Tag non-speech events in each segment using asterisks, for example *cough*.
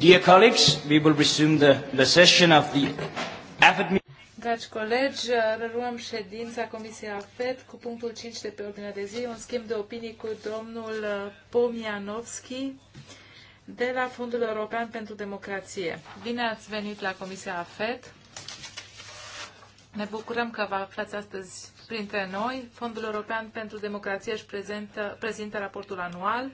Dear colleagues, we will resume the, the session of the AFED Dragi colegi, reluăm ședința Comisiei AFET cu punctul 5 de pe ordinea de zi, un schimb de opinii cu domnul uh, Pomianovski de la Fondul European pentru Democrație. Bine ați venit la Comisia AFET. Ne bucurăm că vă aflați astăzi printre noi. Fondul European pentru Democrație își prezintă, prezintă raportul anual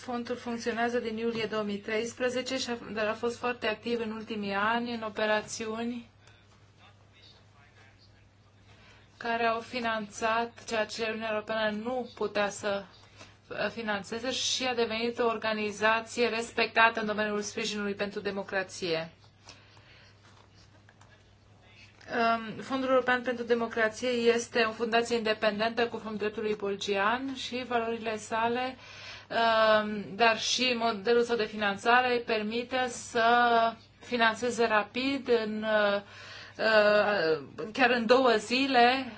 Fondul funcționează din iulie 2013, dar a fost foarte activ în ultimii ani în operațiuni care au finanțat ceea ce Uniunea Europeană nu putea să finanțeze și a devenit o organizație respectată în domeniul sprijinului pentru democrație. Ehm, fondul European pentru Democrație este o fundație independentă cu dreptului bulgian și valorile sale uh, Um, dar și modelul său de finanțare permite să finanțeze rapid în uh, chiar în două zile,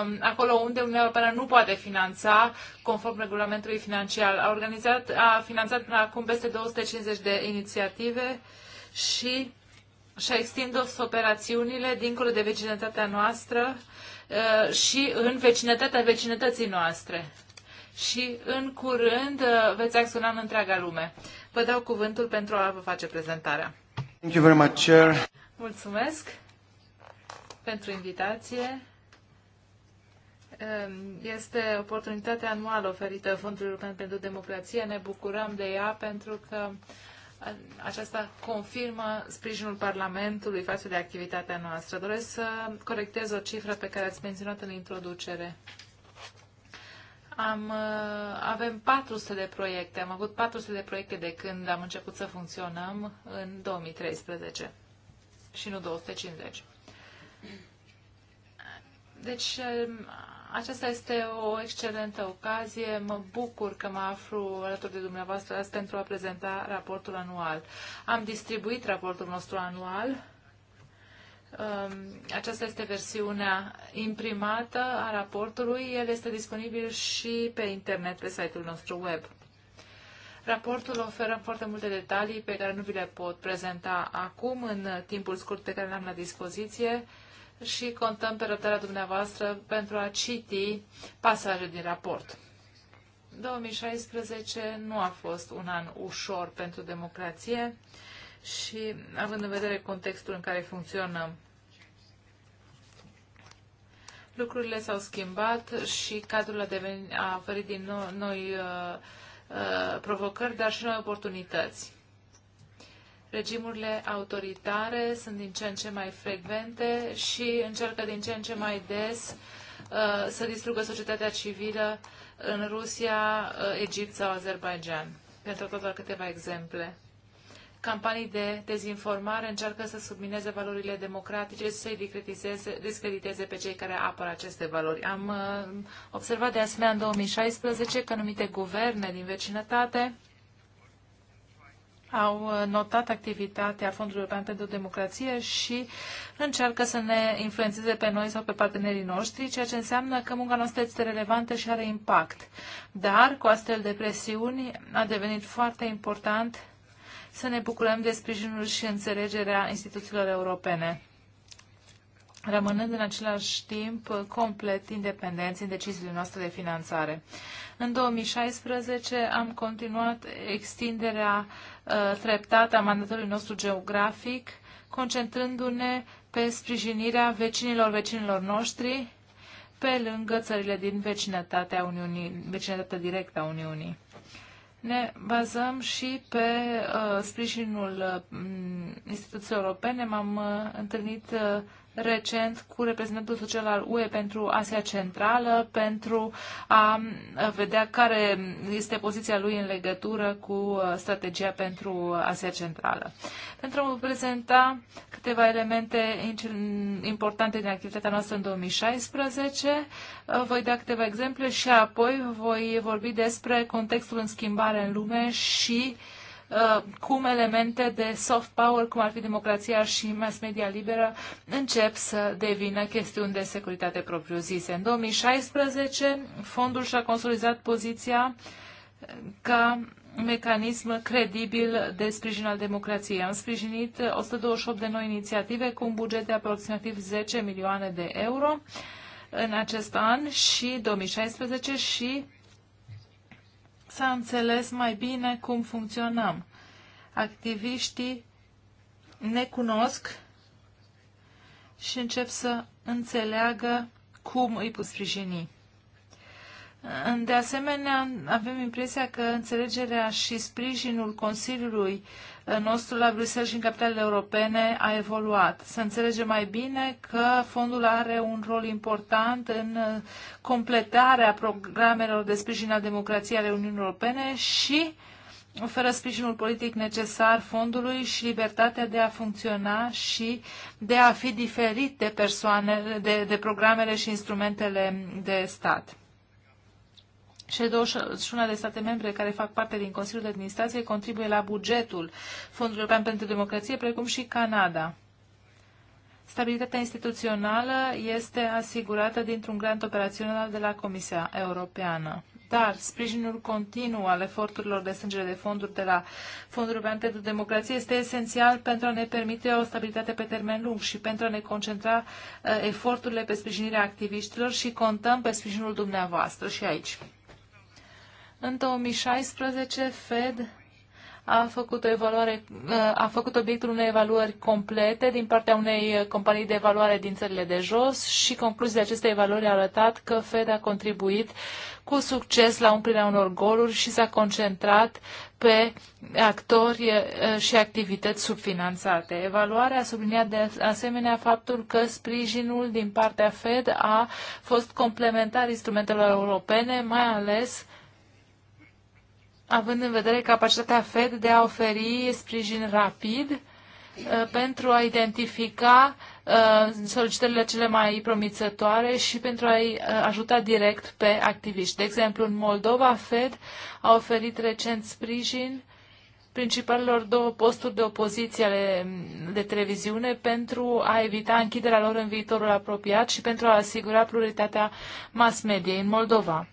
um, acolo unde Uniunea Europeană nu poate finanța conform regulamentului financiar. A, organizat, a finanțat până acum peste 250 de inițiative și și-a extins operațiunile dincolo de vecinătatea noastră uh, și în vecinătatea vecinătății noastre și în curând uh, veți acționa în întreaga lume. Vă dau cuvântul pentru a vă face prezentarea. Thank you very much, Chair. Mulțumesc pentru invitație. Um, este oportunitatea anuală oferită Fondului European pentru Democrație. Ne bucurăm de ea pentru că uh, aceasta confirmă sprijinul Parlamentului față de activitatea noastră. Doresc să corectez o cifră pe care ați menționat în introducere. Am, uh, avem 400 de proiecte, am avut 400 de proiecte de când am început să funcționăm în 2013 și nu 250. Deci, um, aceasta este o excelentă ocazie. Mă bucur că mă aflu alături de dumneavoastră azi pentru a prezenta raportul anual. Am distribuit raportul nostru anual Um, aceasta este versiunea imprimată a raportului. El este disponibil și pe internet, pe site-ul nostru web. Raportul oferă foarte multe detalii pe care nu vi le pot prezenta acum, în timpul scurt pe care l-am la dispoziție și contăm pe răbdarea dumneavoastră pentru a citi pasaje din raport. 2016 nu a fost un an ușor pentru democrație și având în vedere contextul în care funcționăm. Lucrurile s-au schimbat și cadrul a, devenit, a oferit din nou, noi uh, uh, provocări, dar și noi oportunități. Regimurile autoritare sunt din ce în ce mai frecvente și încearcă din ce în ce mai des uh, să distrugă societatea civilă în Rusia, uh, Egipt sau Azerbaijan. Pentru toate da câteva exemple campanii de dezinformare încearcă să submineze valorile democratice și să-i discrediteze pe cei care apără aceste valori. Am uh, observat de asemenea în 2016 că anumite guverne din vecinătate au uh, notat activitatea Fondului European pentru Democrație și încearcă să ne influențeze pe noi sau pe partenerii noștri, ceea ce înseamnă că munca noastră este relevantă și are impact. Dar, cu astfel de presiuni, a devenit foarte important să ne bucurăm de sprijinul și înțelegerea instituțiilor europene, rămânând în același timp complet independenți în deciziile noastre de finanțare. În 2016 am continuat extinderea uh, treptată a mandatului nostru geografic, concentrându-ne pe sprijinirea vecinilor vecinilor noștri, pe lângă țările din vecinătatea Uniunii, vecinătatea directă a Uniunii ne bazăm și pe uh, sprijinul uh, instituțiilor europene. M-am uh, întâlnit uh, recent cu reprezentantul social al UE pentru Asia Centrală pentru a vedea care este poziția lui în legătură cu uh, strategia pentru Asia Centrală. Pentru a prezenta câteva elemente importante din activitatea noastră în 2016, uh, voi da câteva exemple și apoi voi vorbi despre contextul în schimbare în lume și uh, Uh, cum elemente de soft power, cum ar fi democrația și mass media liberă, încep să devină chestiuni de securitate propriu-zise. În 2016, fondul și-a consolidat poziția ca mecanism credibil de sprijin al democrației. Am sprijinit 128 de noi inițiative cu un buget de aproximativ 10 milioane de euro în acest an și 2016 și s-a înțeles mai bine cum funcționăm. Activiștii ne cunosc și încep să înțeleagă cum îi pot sprijini. De asemenea, avem impresia că înțelegerea și sprijinul Consiliului uh, nostru la Bruxelles și în capitalele europene a evoluat. Să înțelegem mai bine că fondul are un rol important în uh, completarea programelor de sprijin al democrației ale Uniunii Europene și oferă sprijinul politic necesar fondului și libertatea de a funcționa și de a fi diferit de persoane, de, de programele și instrumentele de stat. Cele 21 de state membre care fac parte din Consiliul de Administrație contribuie la bugetul Fondului European pentru Democrație, precum și Canada. Stabilitatea instituțională este asigurată dintr-un grant operațional de la Comisia Europeană. Dar sprijinul continuu al eforturilor de strângere de fonduri de la Fondul European pentru Democrație este esențial pentru a ne permite o stabilitate pe termen lung și pentru a ne concentra uh, eforturile pe sprijinirea activiștilor și contăm pe sprijinul dumneavoastră și aici. În 2016, Fed a făcut, o evaluare, a făcut obiectul unei evaluări complete din partea unei companii de evaluare din țările de jos și concluziile acestei evaluări au arătat că Fed a contribuit cu succes la umplirea unor goluri și s-a concentrat pe actori și activități subfinanțate. Evaluarea a subliniat de asemenea faptul că sprijinul din partea Fed a fost complementar instrumentelor europene, mai ales având în vedere capacitatea Fed de a oferi sprijin rapid uh, pentru a identifica uh, solicitările cele mai promițătoare și pentru a-i uh, ajuta direct pe activiști. De exemplu, în Moldova, Fed a oferit recent sprijin principalelor două posturi de opoziție ale, mm, de televiziune pentru a evita închiderea lor în viitorul apropiat și pentru a asigura pluralitatea mass media în Moldova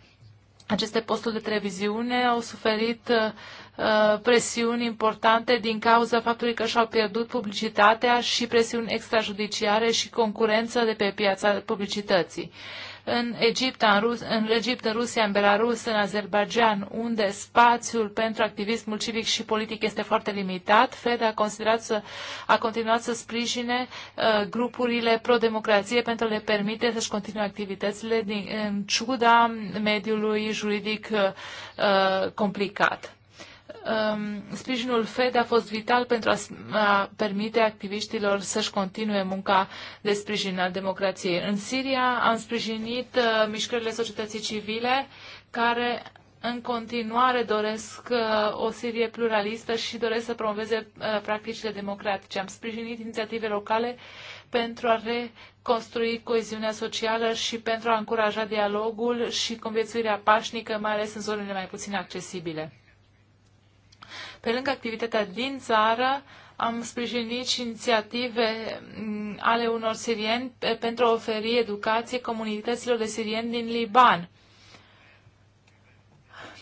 aceste posturi de televiziune au suferit uh, uh, presiuni importante din cauza faptului că și-au pierdut publicitatea și presiuni extrajudiciare și concurență de pe piața publicității în Egipt, în, Rus, în Egipt, în Rusia, în Belarus, în Azerbaijan, unde spațiul pentru activismul civic și politic este foarte limitat. FED a, considerat să, a continuat să sprijine uh, grupurile pro-democrație pentru a le permite să-și continue activitățile din, în ciuda mediului juridic uh, uh complicat. Um, sprijinul FED a fost vital pentru a, permite activiștilor să-și continue munca de sprijin al democrației. În Siria am sprijinit uh, mișcările societății civile care în continuare doresc uh, o Sirie pluralistă și doresc să promoveze uh, practicile democratice. Am sprijinit inițiative locale pentru a reconstrui coeziunea socială și pentru a încuraja dialogul și conviețuirea pașnică, mai ales în zonele mai puțin accesibile. Pe lângă activitatea din țară, am sprijinit și inițiative mm, ale unor sirieni pentru a oferi educație comunităților de sirieni din Liban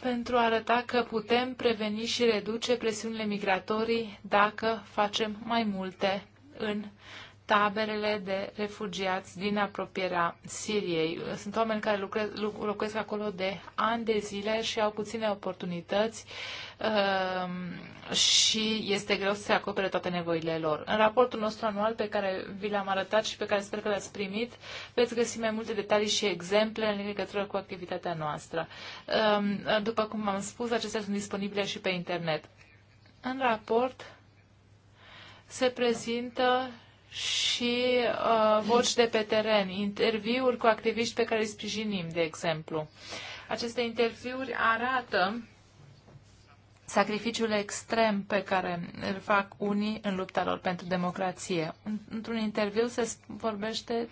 pentru a arăta că putem preveni și reduce presiunile migratorii dacă facem mai multe în taberele de refugiați din apropierea Siriei. Sunt oameni care lucrez, locuiesc acolo de ani de zile și au puține oportunități uh, și este greu să se acopere toate nevoile lor. În raportul nostru anual pe care vi l-am arătat și pe care sper că l-ați primit, veți găsi mai multe detalii și exemple în legătură cu activitatea noastră. Uh, după cum am spus, acestea sunt disponibile și pe internet. În raport se prezintă și uh, voci de pe teren, interviuri cu activiști pe care îi sprijinim, de exemplu. Aceste interviuri arată sacrificiul extrem pe care îl fac unii în lupta lor pentru democrație. Într-un interviu se vorbește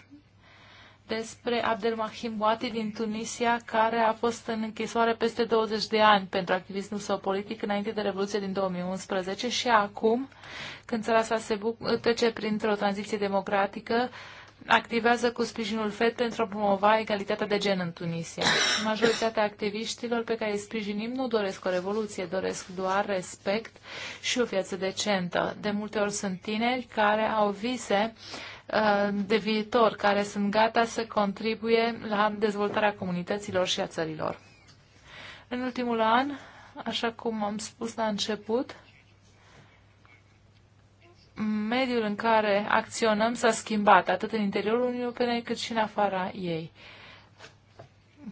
despre Abdelmahim Boati din Tunisia, care a fost în închisoare peste 20 de ani pentru activismul său politic înainte de Revoluție din 2011 și acum, când țara sa se trece printr-o tranziție democratică, activează cu sprijinul FED pentru a promova egalitatea de gen în Tunisia. Majoritatea activiștilor pe care îi sprijinim nu doresc o revoluție, doresc doar respect și o viață decentă. De multe ori sunt tineri care au vise Uh, de viitor, care sunt gata să contribuie la dezvoltarea comunităților și a țărilor. În ultimul an, așa cum am spus la început, mediul în care acționăm s-a schimbat, atât în interiorul Uniunii Europene cât și în afara ei.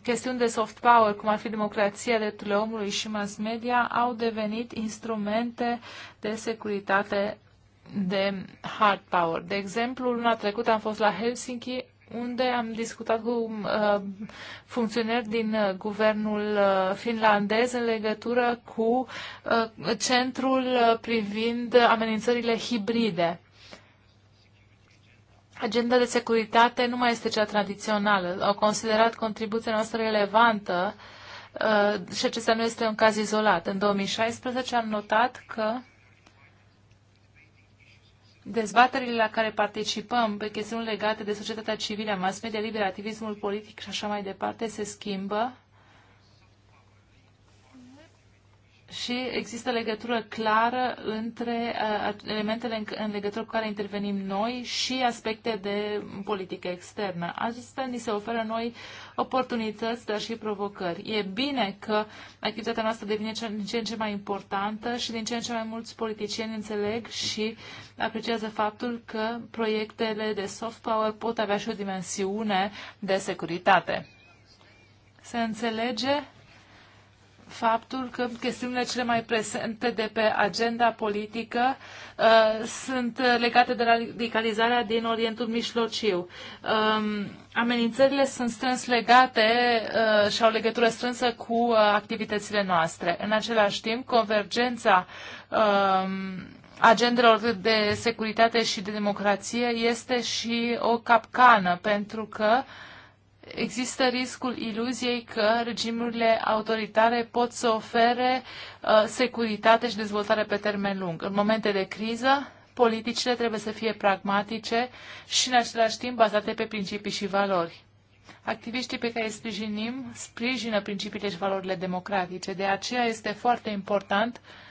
Chestiuni de soft power, cum ar fi democrația, drepturile omului și mass media, au devenit instrumente de securitate de hard power. De exemplu, luna trecută am fost la Helsinki, unde am discutat cu uh, funcționari din uh, guvernul uh, finlandez în legătură cu uh, centrul uh, privind amenințările hibride. Agenda de securitate nu mai este cea tradițională. Au considerat contribuția noastră relevantă uh, și acesta nu este un caz izolat. În 2016 am notat că dezbaterile la care participăm pe chestiuni legate de societatea civilă, mass media, liber, activismul politic și așa mai departe se schimbă și există legătură clară între uh, elementele în legătură cu care intervenim noi și aspecte de politică externă. Asta ni se oferă noi oportunități, dar și provocări. E bine că activitatea noastră devine din ce în ce mai importantă și din ce în ce mai mulți politicieni înțeleg și apreciază faptul că proiectele de soft power pot avea și o dimensiune de securitate. Se înțelege faptul că chestiunile cele mai presente de pe agenda politică uh, sunt legate de radicalizarea din Orientul Mijlociu. Um, amenințările sunt strâns legate uh, și au legătură strânsă cu uh, activitățile noastre. În același timp, convergența um, agendelor de securitate și de democrație este și o capcană, pentru că uh, există riscul iluziei că regimurile autoritare pot să ofere uh, securitate și dezvoltare pe termen lung. În momente de criză, politicile trebuie să fie pragmatice și în același timp bazate pe principii și valori. Activiștii pe care îi sprijinim sprijină principiile și valorile democratice. De aceea este foarte important uh,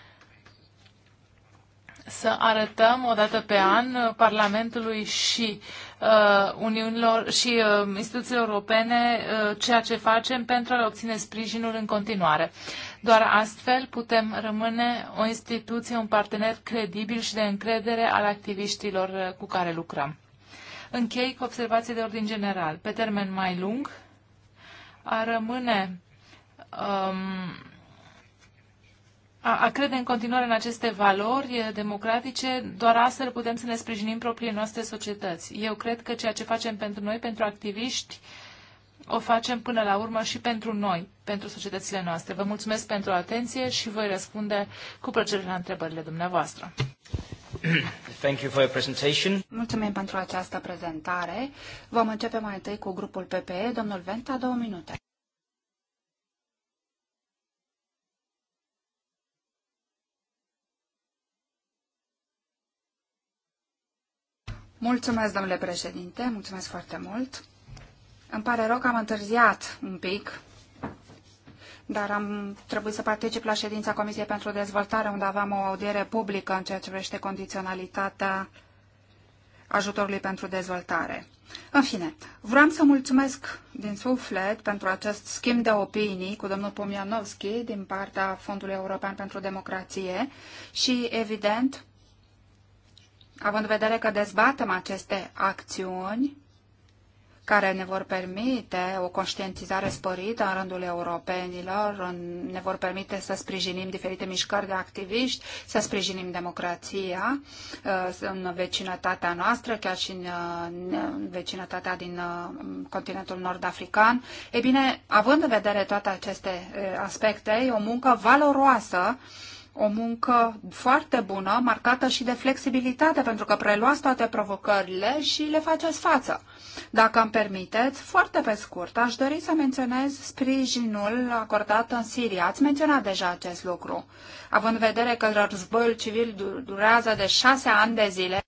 să arătăm o dată pe an Parlamentului și uh, Uniunilor și uh, instituțiilor europene uh, ceea ce facem pentru a obține sprijinul în continuare. Doar astfel putem rămâne o instituție, un partener credibil și de încredere al activiștilor uh, cu care lucrăm. Închei cu observații de ordin general. Pe termen mai lung, a rămâne um, a, a crede în continuare în aceste valori eh, democratice, doar astfel putem să ne sprijinim propriile noastre societăți. Eu cred că ceea ce facem pentru noi, pentru activiști, o facem până la urmă și pentru noi, pentru societățile noastre. Vă mulțumesc pentru atenție și voi răspunde cu plăcere la întrebările dumneavoastră. *coughs* Thank you for your presentation. Mulțumim pentru această prezentare. Vom începe mai întâi cu grupul PPE. Domnul Venta, două minute. Mulțumesc, domnule președinte, mulțumesc foarte mult. Îmi pare rău că am întârziat un pic, dar am trebuit să particip la ședința Comisiei pentru Dezvoltare, unde aveam o audiere publică în ceea ce privește condiționalitatea ajutorului pentru dezvoltare. În fine, vreau să mulțumesc din suflet pentru acest schimb de opinii cu domnul Pomianovski din partea Fondului European pentru Democrație și, evident, având în vedere că dezbatem aceste acțiuni care ne vor permite o conștientizare sporită în rândul europenilor, ne vor permite să sprijinim diferite mișcări de activiști, să sprijinim democrația uh, în vecinătatea noastră, chiar și în uh, vecinătatea din uh, continentul nord-african. E bine, având în vedere toate aceste aspecte, e o muncă valoroasă o muncă foarte bună, marcată și de flexibilitate, pentru că preluați toate provocările și le faceți față. Dacă îmi permiteți, foarte pe scurt, aș dori să menționez sprijinul acordat în Siria. Ați menționat deja acest lucru. Având în vedere că războiul civil durează de șase ani de zile,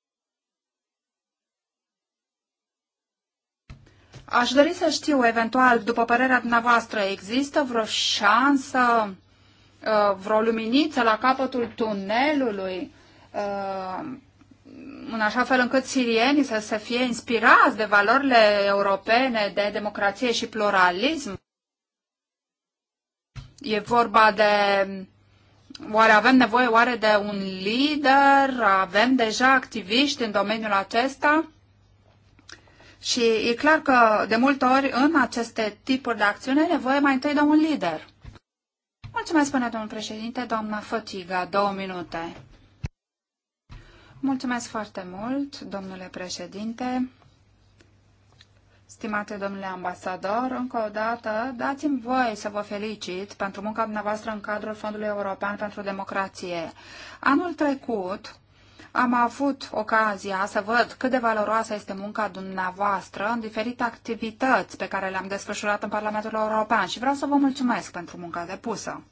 Aș dori să știu, eventual, după părerea dumneavoastră, există vreo șansă Uh, vreo luminiță la capătul tunelului, uh, în așa fel încât sirienii să se fie inspirați de valorile europene, de democrație și pluralism? E vorba de Oare avem nevoie oare de un lider? Avem deja activiști în domeniul acesta? Și e clar că de multe ori în aceste tipuri de acțiune e nevoie mai întâi de un lider. Mulțumesc, până domnul președinte, doamna Fătiga, două minute. Mulțumesc foarte mult, domnule președinte. Stimate domnule ambasador, încă o dată dați-mi voie să vă felicit pentru munca dumneavoastră în cadrul Fondului European pentru Democrație. Anul trecut, am avut ocazia să văd cât de valoroasă este munca dumneavoastră în diferite activități pe care le-am desfășurat în Parlamentul European și vreau să vă mulțumesc pentru munca depusă.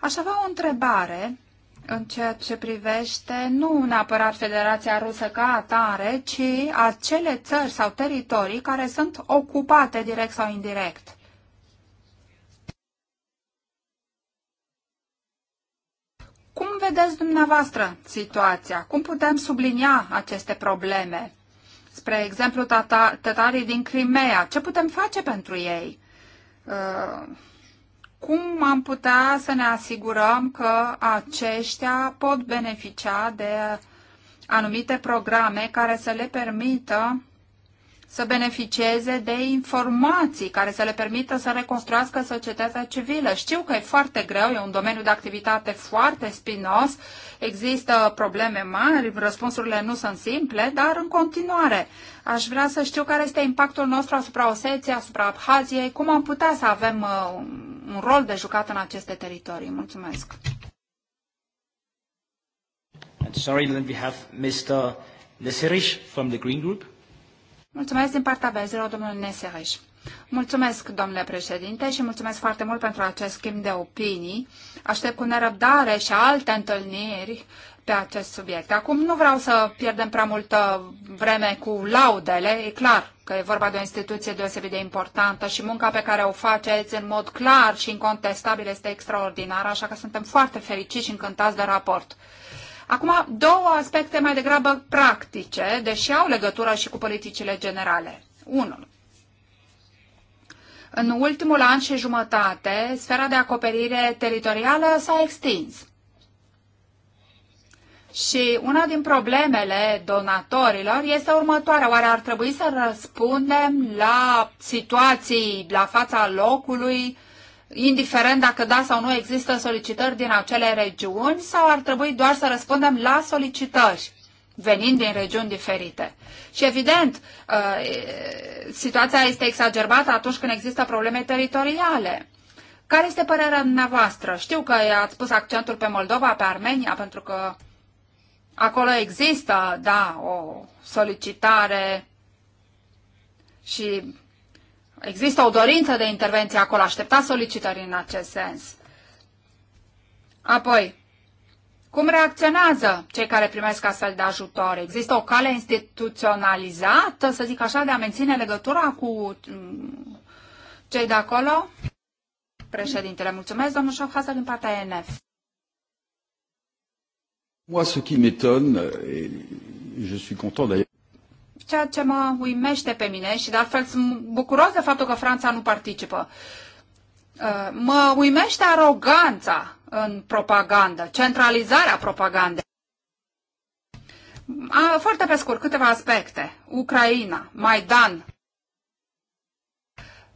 Aș avea o întrebare în ceea ce privește nu neapărat Federația Rusă ca atare, ci acele țări sau teritorii care sunt ocupate direct sau indirect. vedeți dumneavoastră situația? Cum putem sublinia aceste probleme? Spre exemplu, tata, tătarii din Crimea, ce putem face pentru ei? Uh, cum am putea să ne asigurăm că aceștia pot beneficia de anumite programe care să le permită să beneficieze de informații care să le permită să reconstruiască societatea civilă. Știu că e foarte greu, e un domeniu de activitate foarte spinos, există probleme mari, răspunsurile nu sunt simple, dar în continuare aș vrea să știu care este impactul nostru asupra Oseției, asupra Abhaziei, cum am putea să avem uh, un rol de jucat în aceste teritorii. Mulțumesc! sorry, then we have Mr. Nesirish from the Green Group. Mulțumesc din partea vezilor, domnul Nesereș. Mulțumesc, domnule președinte, și mulțumesc foarte mult pentru acest schimb de opinii. Aștept cu nerăbdare și alte întâlniri pe acest subiect. Acum nu vreau să pierdem prea multă vreme cu laudele, e clar că e vorba de o instituție deosebit de importantă și munca pe care o faceți în mod clar și incontestabil este extraordinară, așa că suntem foarte fericiți și încântați de raport. Acum, două aspecte mai degrabă practice, deși au legătură și cu politicile generale. Unul. În ultimul an și jumătate, sfera de acoperire teritorială s-a extins. Și una din problemele donatorilor este următoarea. Oare ar trebui să răspundem la situații la fața locului indiferent dacă da sau nu există solicitări din acele regiuni sau ar trebui doar să răspundem la solicitări venind din regiuni diferite. Și evident, uh, situația este exagerată atunci când există probleme teritoriale. Care este părerea dumneavoastră? Știu că ați pus accentul pe Moldova, pe Armenia, pentru că acolo există, da, o solicitare și Există o dorință de intervenție acolo, aștepta solicitări în acest sens. Apoi, cum reacționează cei care primesc astfel de ajutor? Există o cale instituționalizată, să zic așa, de a menține legătura cu mm, cei de acolo? Președintele, mulțumesc, domnul Schaffhauser, din partea ENF. Moi, ce qui m'étonne, et je suis content d'ailleurs, ceea ce mă uimește pe mine și de altfel sunt bucuros de faptul că Franța nu participă. Uh, mă uimește aroganța în propagandă, centralizarea propagandei. A, foarte pe scurt, câteva aspecte. Ucraina, Maidan.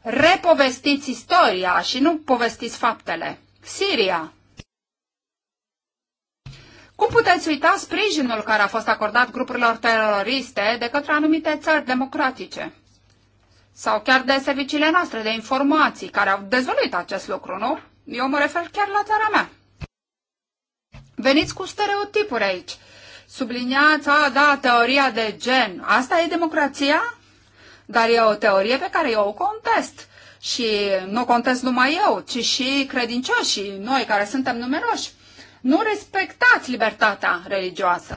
Repovestiți istoria și nu povestiți faptele. Siria, cum puteți uita sprijinul care a fost acordat grupurilor teroriste de către anumite țări democratice? Sau chiar de serviciile noastre de informații care au dezvăluit acest lucru, nu? Eu mă refer chiar la țara mea. Veniți cu stereotipuri aici. Subliniați, a, da, teoria de gen. Asta e democrația? Dar e o teorie pe care eu o contest. Și nu contest numai eu, ci și credincioșii, noi care suntem numeroși nu respectați libertatea religioasă.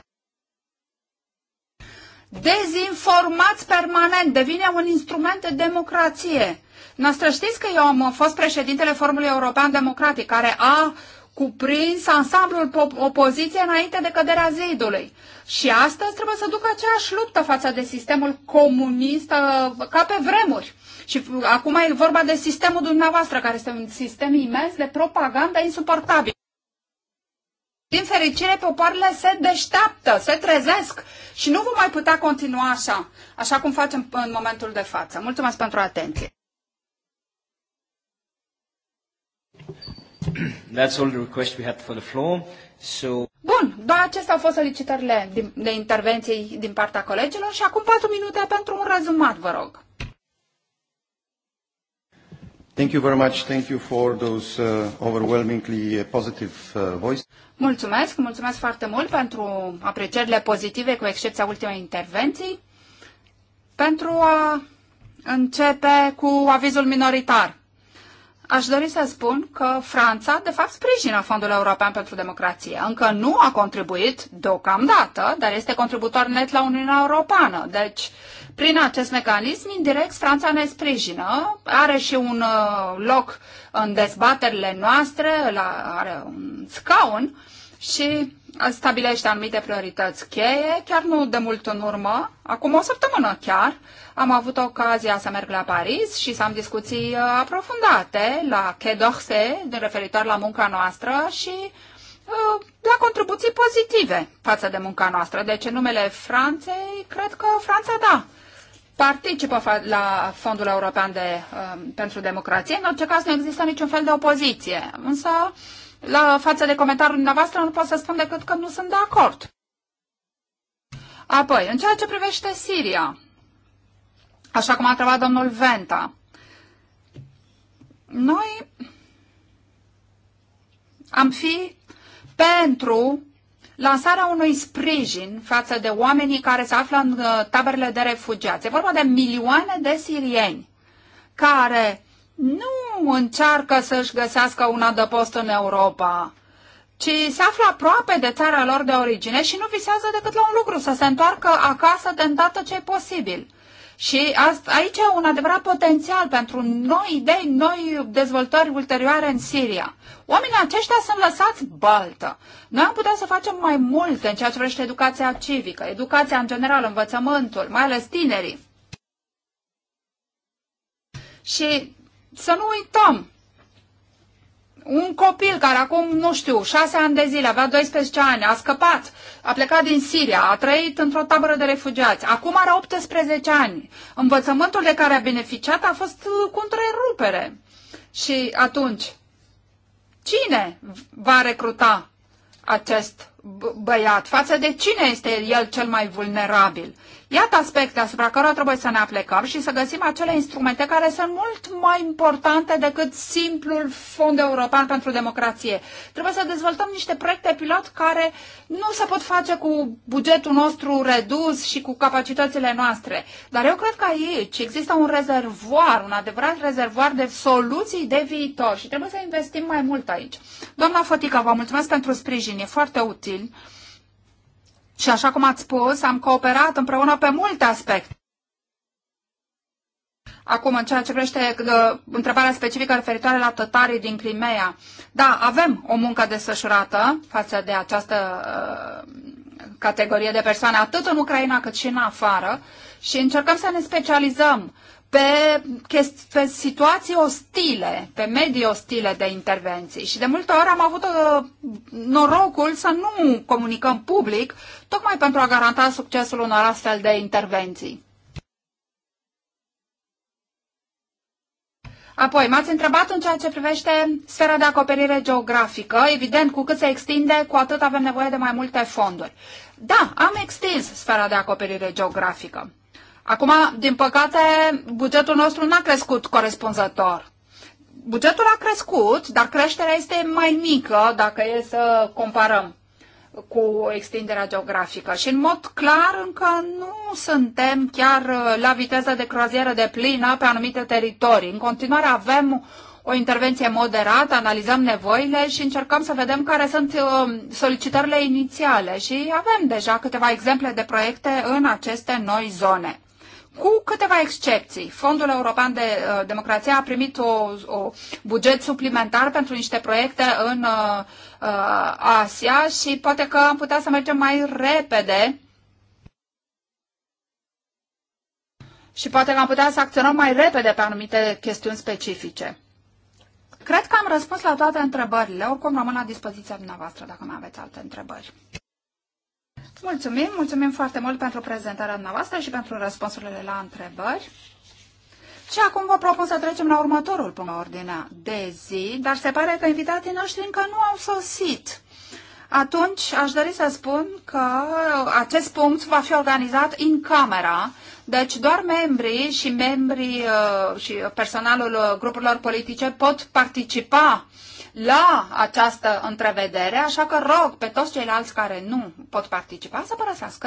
Dezinformați permanent, devine un instrument de democrație. Noastră știți că eu am fost președintele Forumului European Democratic, care a cuprins ansamblul opoziției înainte de căderea zidului. Și astăzi trebuie să ducă aceeași luptă față de sistemul comunist uh, ca pe vremuri. Și acum e vorba de sistemul dumneavoastră, care este un sistem imens de propagandă insuportabil. Din fericire, popoarele se deșteaptă, se trezesc și nu vom mai putea continua așa, așa cum facem în momentul de față. Mulțumesc pentru atenție. That's all the request we had for the floor. So... Bun, doar acestea au fost solicitările de intervenții din partea colegilor și acum patru minute pentru un rezumat, vă rog. Thank you very much. Thank you for those uh, overwhelmingly uh, positive uh, voices. Mulțumesc, mulțumesc foarte mult pentru aprecierile pozitive, cu excepția ultimei intervenții. Pentru a începe cu avizul minoritar aș dori să spun că Franța, de fapt, sprijină Fondul European pentru Democrație. Încă nu a contribuit deocamdată, dar este contributor net la Uniunea Europeană. Deci, prin acest mecanism, indirect, Franța ne sprijină, are și un uh, loc în dezbaterile noastre, la, are un scaun și stabilește anumite priorități cheie, chiar nu de mult în urmă, acum o săptămână chiar, am avut ocazia să merg la Paris și să am discuții uh, aprofundate la Quai d'Orsay, referitor la munca noastră și uh, la contribuții pozitive față de munca noastră. Deci, în numele Franței, cred că Franța, da, participă la Fondul European de, uh, pentru Democrație. În orice caz, nu există niciun fel de opoziție. Însă, la față de comentariul dumneavoastră nu pot să spun decât că nu sunt de acord. Apoi, în ceea ce privește Siria, așa cum a întrebat domnul Venta, noi am fi pentru lansarea unui sprijin față de oamenii care se află în uh, taberele de refugiați. E vorba de milioane de sirieni care nu încearcă să-și găsească un adăpost în Europa, ci se află aproape de țara lor de origine și nu visează decât la un lucru, să se întoarcă acasă de îndată ce e posibil. Și asta, aici e un adevărat potențial pentru noi idei, noi dezvoltări ulterioare în Siria. Oamenii aceștia sunt lăsați baltă. Noi am putea să facem mai mult în ceea ce vrește educația civică, educația în general, învățământul, mai ales tinerii. Și să nu uităm. Un copil care acum, nu știu, șase ani de zile, avea 12 ani, a scăpat, a plecat din Siria, a trăit într-o tabără de refugiați, acum are 18 ani. Învățământul de care a beneficiat a fost cu întrerupere. Și atunci, cine va recruta acest băiat? Față de cine este el cel mai vulnerabil? Iată aspecte asupra cărora trebuie să ne aplecăm și să găsim acele instrumente care sunt mult mai importante decât simplul Fond European pentru Democrație. Trebuie să dezvoltăm niște proiecte pilot care nu se pot face cu bugetul nostru redus și cu capacitățile noastre. Dar eu cred că aici există un rezervoar, un adevărat rezervoar de soluții de viitor și trebuie să investim mai mult aici. Doamna Fotica, vă mulțumesc pentru sprijin, e foarte util. Și așa cum ați spus, am cooperat împreună pe multe aspecte. Acum, în ceea ce privește uh, întrebarea specifică referitoare la tătarii din Crimea, da, avem o muncă desfășurată față de această uh, categorie de persoane, atât în Ucraina cât și în afară, și încercăm să ne specializăm pe, pe situații ostile, pe medii ostile de intervenții. Și de multe ori am avut uh, norocul să nu comunicăm public, tocmai pentru a garanta succesul unor astfel de intervenții. Apoi, m-ați întrebat în ceea ce privește sfera de acoperire geografică. Evident, cu cât se extinde, cu atât avem nevoie de mai multe fonduri. Da, am extins sfera de acoperire geografică. Acum, din păcate, bugetul nostru n-a crescut corespunzător. Bugetul a crescut, dar creșterea este mai mică dacă e să comparăm cu extinderea geografică și în mod clar încă nu suntem chiar uh, la viteză de croazieră de plină pe anumite teritorii. În continuare avem o intervenție moderată, analizăm nevoile și încercăm să vedem care sunt uh, solicitările inițiale și avem deja câteva exemple de proiecte în aceste noi zone cu câteva excepții. Fondul European de uh, Democrație a primit o, o buget suplimentar pentru niște proiecte în uh, uh, Asia și poate că am putea să mergem mai repede și poate că am putea să acționăm mai repede pe anumite chestiuni specifice. Cred că am răspuns la toate întrebările, oricum rămân la dispoziția dumneavoastră dacă mai aveți alte întrebări. Mulțumim, mulțumim foarte mult pentru prezentarea dumneavoastră și pentru răspunsurile la întrebări. Și acum vă propun să trecem la următorul punct ordinea de zi, dar se pare că invitații noștri încă nu au sosit. Atunci aș dori să spun că acest punct va fi organizat în camera, deci doar membrii și membrii uh, și personalul uh, grupurilor politice pot participa uh, la această întrevedere, așa că rog pe toți ceilalți care nu pot participa să părăsească